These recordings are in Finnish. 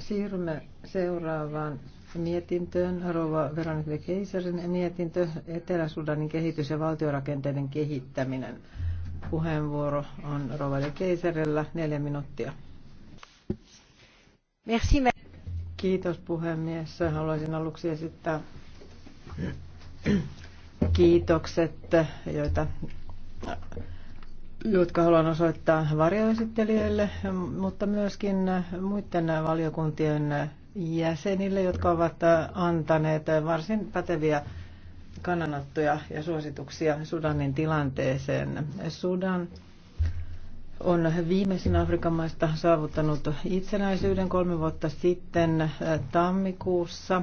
Siirrymme seuraavaan mietintöön. Rouva Veronika Keisarin mietintö, Etelä-Sudanin kehitys ja valtiorakenteiden kehittäminen. Puheenvuoro on Rouva Keisarilla, neljä minuuttia. Merci. Kiitos puhemies. Haluaisin aluksi esittää kiitokset, joita jotka haluan osoittaa varjoesittelijöille, mutta myöskin muiden valiokuntien jäsenille, jotka ovat antaneet varsin päteviä kannanottoja ja suosituksia Sudanin tilanteeseen. Sudan on viimeisin Afrikan maista saavuttanut itsenäisyyden kolme vuotta sitten tammikuussa.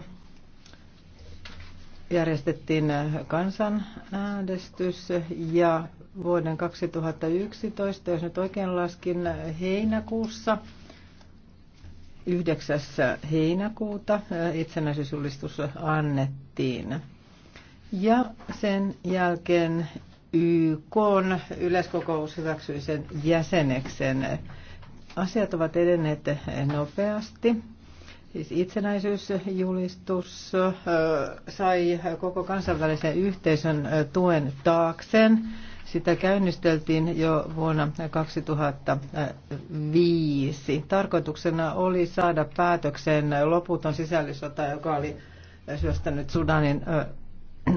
Järjestettiin kansanäänestys ja vuoden 2011, jos nyt oikein laskin, heinäkuussa. 9. heinäkuuta äh, itsenäisyysjulistus annettiin. Ja sen jälkeen YK yleiskokous hyväksyi sen jäseneksen. Asiat ovat edenneet nopeasti. Siis itsenäisyysjulistus äh, sai koko kansainvälisen yhteisön äh, tuen taakseen. Sitä käynnisteltiin jo vuonna 2005. Tarkoituksena oli saada päätökseen loputon sisällissota, joka oli syöstänyt Sudanin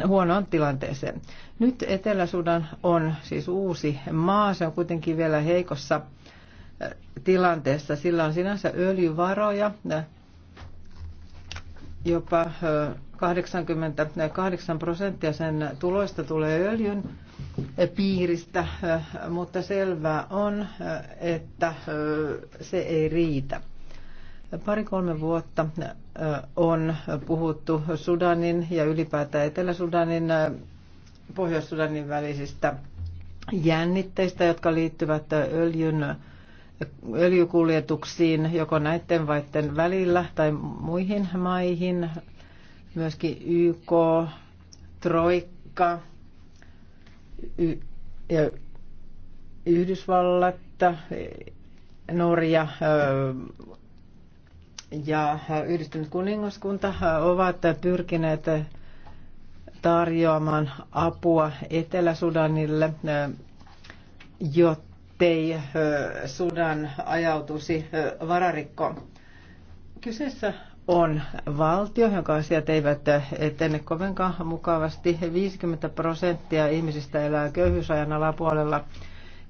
huonoon tilanteeseen. Nyt Etelä-Sudan on siis uusi maa, se on kuitenkin vielä heikossa tilanteessa. Sillä on sinänsä öljyvaroja, Jopa 88 prosenttia sen tuloista tulee öljyn piiristä, mutta selvää on, että se ei riitä. Pari-kolme vuotta on puhuttu Sudanin ja ylipäätään Etelä-Sudanin Pohjois-Sudanin välisistä jännitteistä, jotka liittyvät öljyn öljykuljetuksiin joko näiden vaiden välillä tai muihin maihin, myöskin YK, Troikka y- ja Yhdysvallat, Norja ja Yhdistynyt kuningaskunta ovat pyrkineet tarjoamaan apua Etelä-Sudanille, jotta ettei Sudan ajautuisi vararikkoon. Kyseessä on valtio, jonka asiat eivät etene kovinkaan mukavasti. 50 prosenttia ihmisistä elää köyhyysajan alapuolella.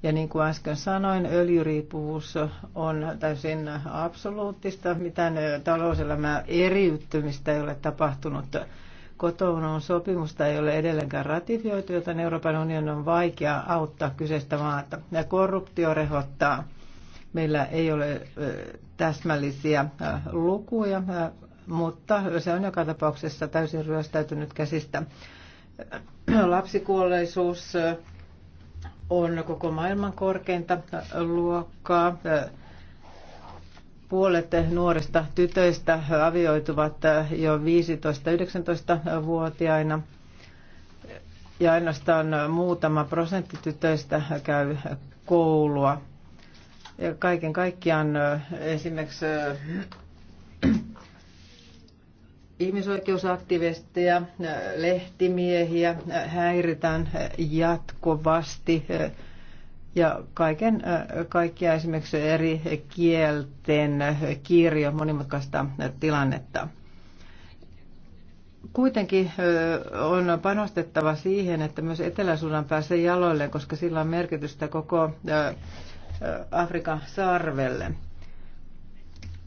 Ja niin kuin äsken sanoin, öljyriippuvuus on täysin absoluuttista. Mitään talouselämää eriyttymistä ei ole tapahtunut Kotonon sopimusta ei ole edelleenkään ratifioitu, joten Euroopan unionin on vaikea auttaa kyseistä maata. Ja korruptio rehottaa. Meillä ei ole täsmällisiä lukuja, mutta se on joka tapauksessa täysin ryöstäytynyt käsistä. Lapsikuolleisuus on koko maailman korkeinta luokkaa. Puolet nuorista tytöistä avioituvat jo 15-19-vuotiaina ja ainoastaan muutama prosentti tytöistä käy koulua. Ja kaiken kaikkiaan esimerkiksi ihmisoikeusaktivisteja, lehtimiehiä häiritään jatkuvasti ja kaiken kaikkiaan esimerkiksi eri kielten kirjo monimutkaista tilannetta. Kuitenkin on panostettava siihen, että myös Etelä-Sudan pääsee jaloille, koska sillä on merkitystä koko Afrikan sarvelle.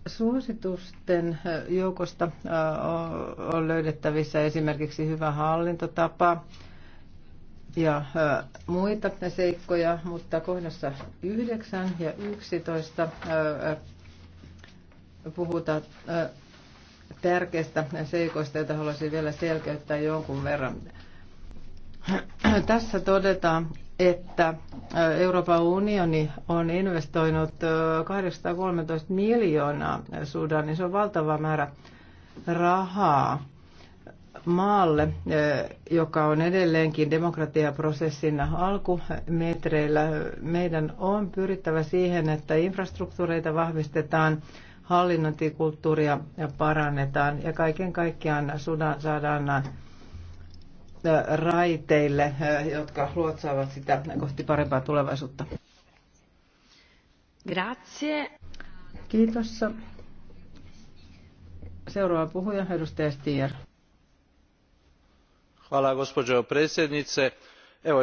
Suositusten joukosta on löydettävissä esimerkiksi hyvä hallintotapa, ja äh, muita seikkoja, mutta kohdassa 9 ja 11 äh, äh, puhutaan tärkeistä seikoista, joita haluaisin vielä selkeyttää jonkun verran. Tässä todetaan, että Euroopan unioni on investoinut 813 miljoonaa Sudanin. Se on valtava määrä rahaa maalle, joka on edelleenkin demokratiaprosessin alkumetreillä. Meidän on pyrittävä siihen, että infrastruktuureita vahvistetaan, hallinnointikulttuuria parannetaan ja kaiken kaikkiaan Sudan saadaan raiteille, jotka luotsaavat sitä kohti parempaa tulevaisuutta. Grazie. Kiitos. Seuraava puhuja, edustaja Stier gospoo predsjednice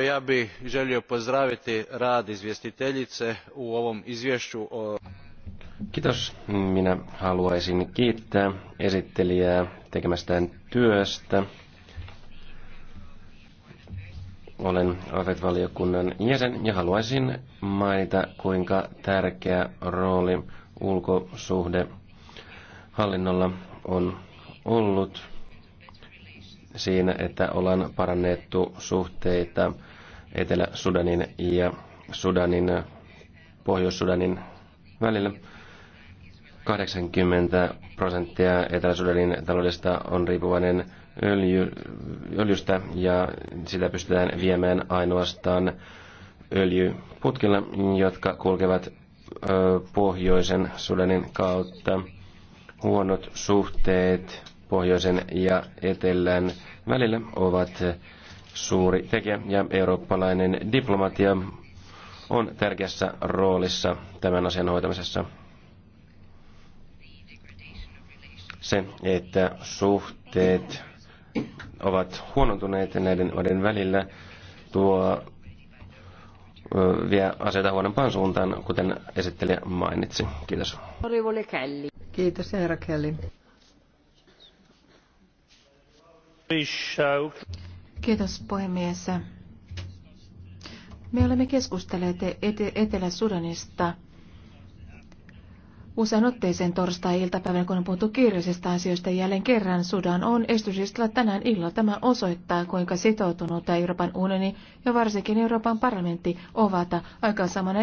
ja bih elio pozdraviti rad izvjestiteljice u ovom izvjeu o. minä haluaisin kiittää esittelijää tekemästään työstä. Olen afet valiokunnan jäsen ja haluaisin mainita, kuinka tärkeä rooli ulkosuhdehallinnolla on ollut siinä, että ollaan parannettu suhteita Etelä-Sudanin ja Sudanin, Pohjois-Sudanin välillä. 80 prosenttia Etelä-Sudanin taloudesta on riippuvainen öljy, öljystä ja sitä pystytään viemään ainoastaan öljyputkilla, jotka kulkevat pohjoisen Sudanin kautta. Huonot suhteet pohjoisen ja etelän välillä ovat suuri tekijä ja eurooppalainen diplomatia on tärkeässä roolissa tämän asian hoitamisessa. Se, että suhteet ovat huonontuneet näiden maiden välillä, tuo vie asioita huonompaan suuntaan, kuten esittelijä mainitsi. Kiitos. Kiitos, herra Kelly. Kiitos puhemies. Me olemme keskustelleet Etelä-Sudanista usein otteeseen torstai-iltapäivänä, kun on puhuttu kiireisistä asioista. Jälleen kerran Sudan on estysistä tänään illalla. Tämä osoittaa, kuinka sitoutunut Euroopan unioni ja varsinkin Euroopan parlamentti ovat saman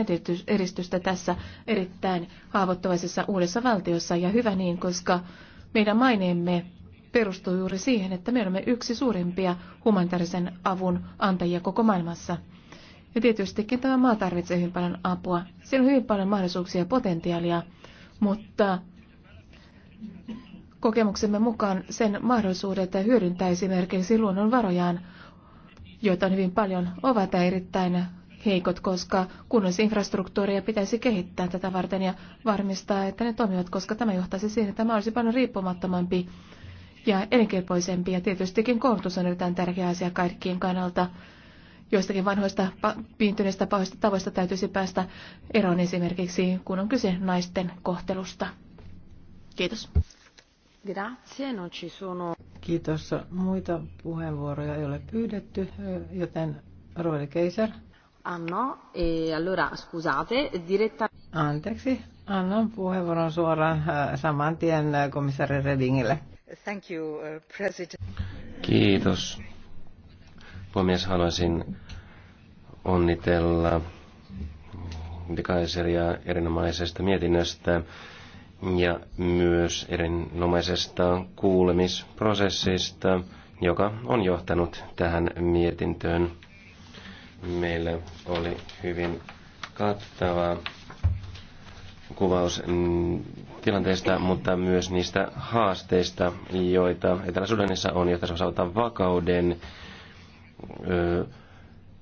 edistystä tässä erittäin haavoittuvaisessa uudessa valtiossa. Ja hyvä niin, koska meidän maineemme perustuu juuri siihen, että me olemme yksi suurimpia humanitaarisen avun antajia koko maailmassa. Ja tietystikin tämä maa tarvitsee hyvin paljon apua. Siinä on hyvin paljon mahdollisuuksia ja potentiaalia, mutta kokemuksemme mukaan sen mahdollisuudet hyödyntää esimerkiksi luonnonvarojaan, joita on hyvin paljon, ovat erittäin heikot, koska kunnallisinfrastruktuuria pitäisi kehittää tätä varten ja varmistaa, että ne toimivat, koska tämä johtaisi siihen, että tämä olisi paljon riippumattomampi ja elinkelpoisempi. Ja tietystikin koulutus on erittäin tärkeä asia kaikkien kannalta. Joistakin vanhoista piintyneistä pahoista tavoista täytyisi päästä eroon esimerkiksi, kun on kyse naisten kohtelusta. Kiitos. Grazie, non ci sono... Kiitos. Muita puheenvuoroja ei ole pyydetty, joten Roeli Keiser. Anno, ah, e allora scusate, diretta... Anteeksi, annan puheenvuoron suoraan äh, saman tien äh, komissaari Redingille. Uh, Kiitos. Puhemies, haluaisin onnitella de Kaiseria erinomaisesta mietinnöstä ja myös erinomaisesta kuulemisprosessista, joka on johtanut tähän mietintöön. Meillä oli hyvin kattava kuvaus tilanteesta, mutta myös niistä haasteista, joita Etelä-Sudanissa on, jotta se saavuttaa vakauden.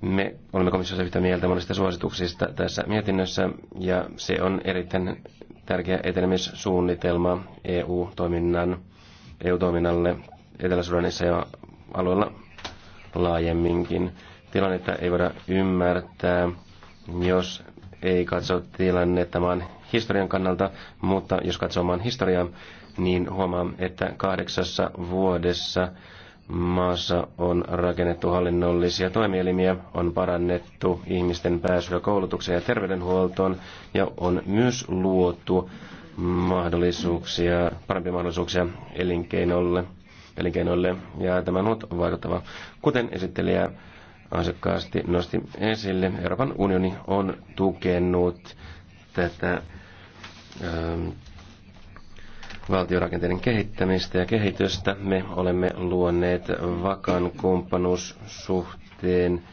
Me olemme komissiossa yhtä mieltä monista suosituksista tässä mietinnössä, ja se on erittäin tärkeä etenemissuunnitelma EU-toiminnan, EU-toiminnalle Etelä-Sudanissa ja alueella laajemminkin. Tilannetta ei voida ymmärtää, jos ei katso tilannetta maan historian kannalta, mutta jos katsoo maan historiaa, niin huomaa, että kahdeksassa vuodessa maassa on rakennettu hallinnollisia toimielimiä, on parannettu ihmisten pääsyä koulutukseen ja terveydenhuoltoon ja on myös luotu mahdollisuuksia, parempia mahdollisuuksia elinkeinolle, elinkeinolle ja tämä on vaikuttava. Kuten esittelijä asiakkaasti nosti esille, Euroopan unioni on tukenut tätä Ähm, valtiorakenteiden kehittämistä ja kehitystä. Me olemme luoneet vakan kumppanuussuhteen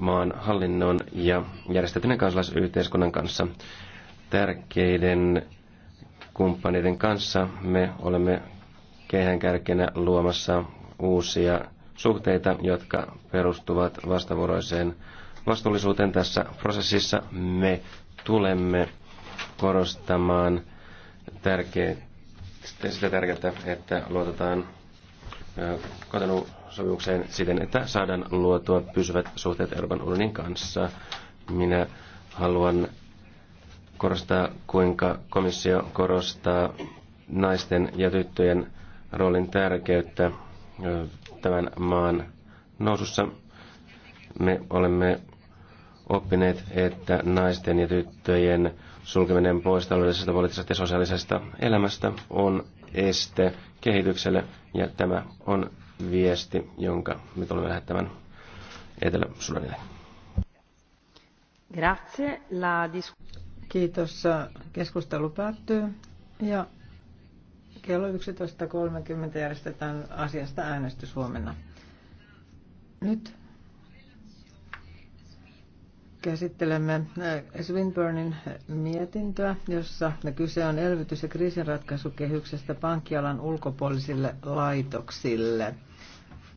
maan hallinnon ja järjestetyneen kansalaisyhteiskunnan kanssa. Tärkeiden kumppaneiden kanssa me olemme kärkenä luomassa uusia suhteita, jotka perustuvat vastavuoroiseen vastuullisuuteen tässä prosessissa. Me tulemme korostamaan tärkeä, sitä tärkeää, että luotetaan kotonusopimukseen siten, että saadaan luotua pysyvät suhteet Euroopan unionin kanssa. Minä haluan korostaa, kuinka komissio korostaa naisten ja tyttöjen roolin tärkeyttä tämän maan nousussa. Me olemme oppineet, että naisten ja tyttöjen sulkeminen pois taloudellisesta, poliittisesta ja sosiaalisesta elämästä on este kehitykselle, ja tämä on viesti, jonka me tulemme lähettämään Etelä-Sudanille. Grazie. La dis- Kiitos. Keskustelu päättyy ja kello 11.30 järjestetään asiasta äänestys huomenna. Nyt Käsittelemme äh, Swinburnin mietintöä, jossa kyse on elvytys- ja kriisinratkaisukehyksestä pankkialan ulkopuolisille laitoksille.